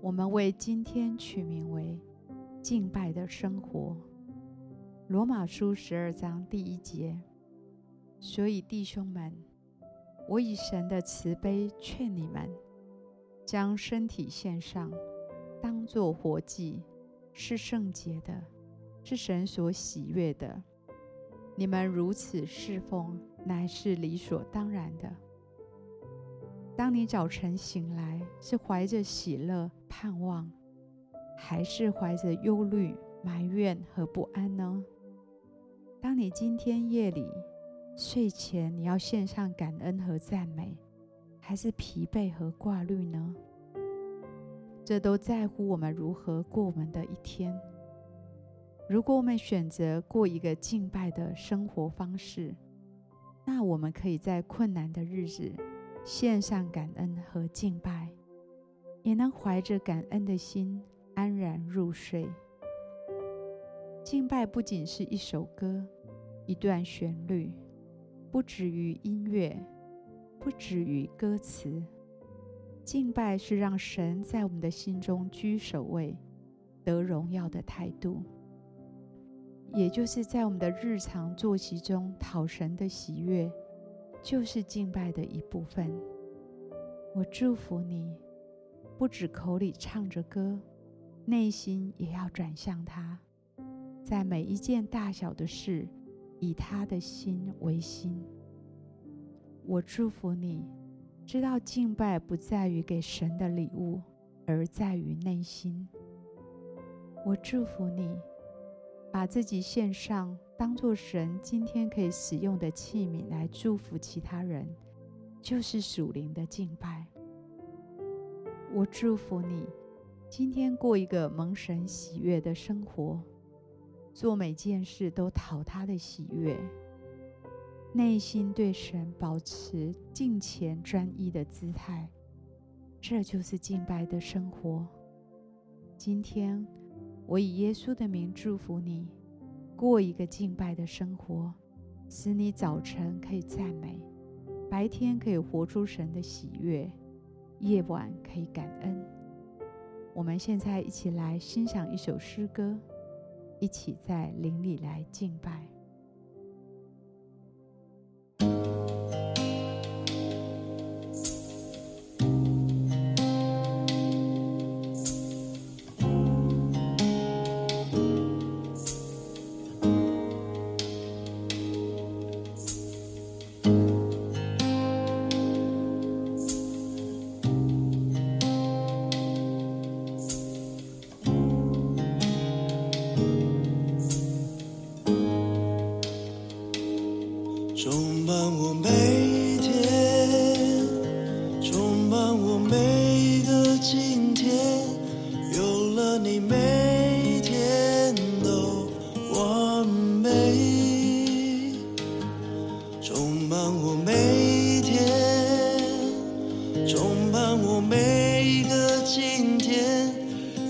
我們為今天取名為“敬拜的生活”。羅馬書十二章第一節。所以，弟兄們，我以神的慈悲勸你們，將身體獻上，當作活祭，是聖潔的，是神所喜悅的。你們如此侍奉，乃是理所當然的。當你早晨醒來，是懷着喜樂盼望，還是懷着憂慮埋怨和不安呢？當你今天夜裡睡前，你要獻上感恩和讚美，還是疲憊和掛慮呢？這都在乎我們如何過我們的一天。如果我們選擇過一個敬拜的生活方式，那我們可以在困難的日子，獻上感恩和敬拜，也能懷着感恩的心安然入睡。敬拜不僅是一首歌，一段旋律，不止於音樂，不止於歌詞。敬拜是讓神在我們的心中居首位，得榮耀的態度，也就是在我們的日常作息中討神的喜悅。就是敬拜的一部分。我祝福你，不止口裡唱着歌，內心也要轉向他，在每一件大小的事，以他的心為心。我祝福你，知道敬拜不在於給神的禮物，而在於內心。我祝福你，把自己獻上。當做神今天可以使用的器皿來祝福其他人，就是屬靈的敬拜。我祝福你，今天過一個蒙神喜悅的生活，做每件事都討他的喜悅，內心對神保持敬虔專一的姿態，這就是敬拜的生活。今天我以耶穌的名祝福你。過一個敬拜的生活，使你早晨可以讚美，白天可以活出神的喜悅，夜晚可以感恩。我們現在一起來欣賞一首詩歌，一起在靈裡來敬拜。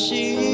心。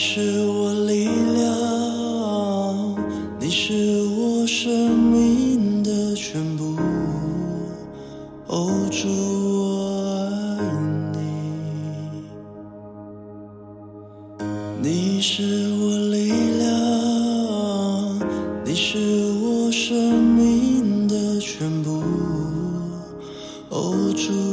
你是我力量，你是我生命的全部。哦，主，我愛你。你是我力量，你是我生命的全部。哦，主。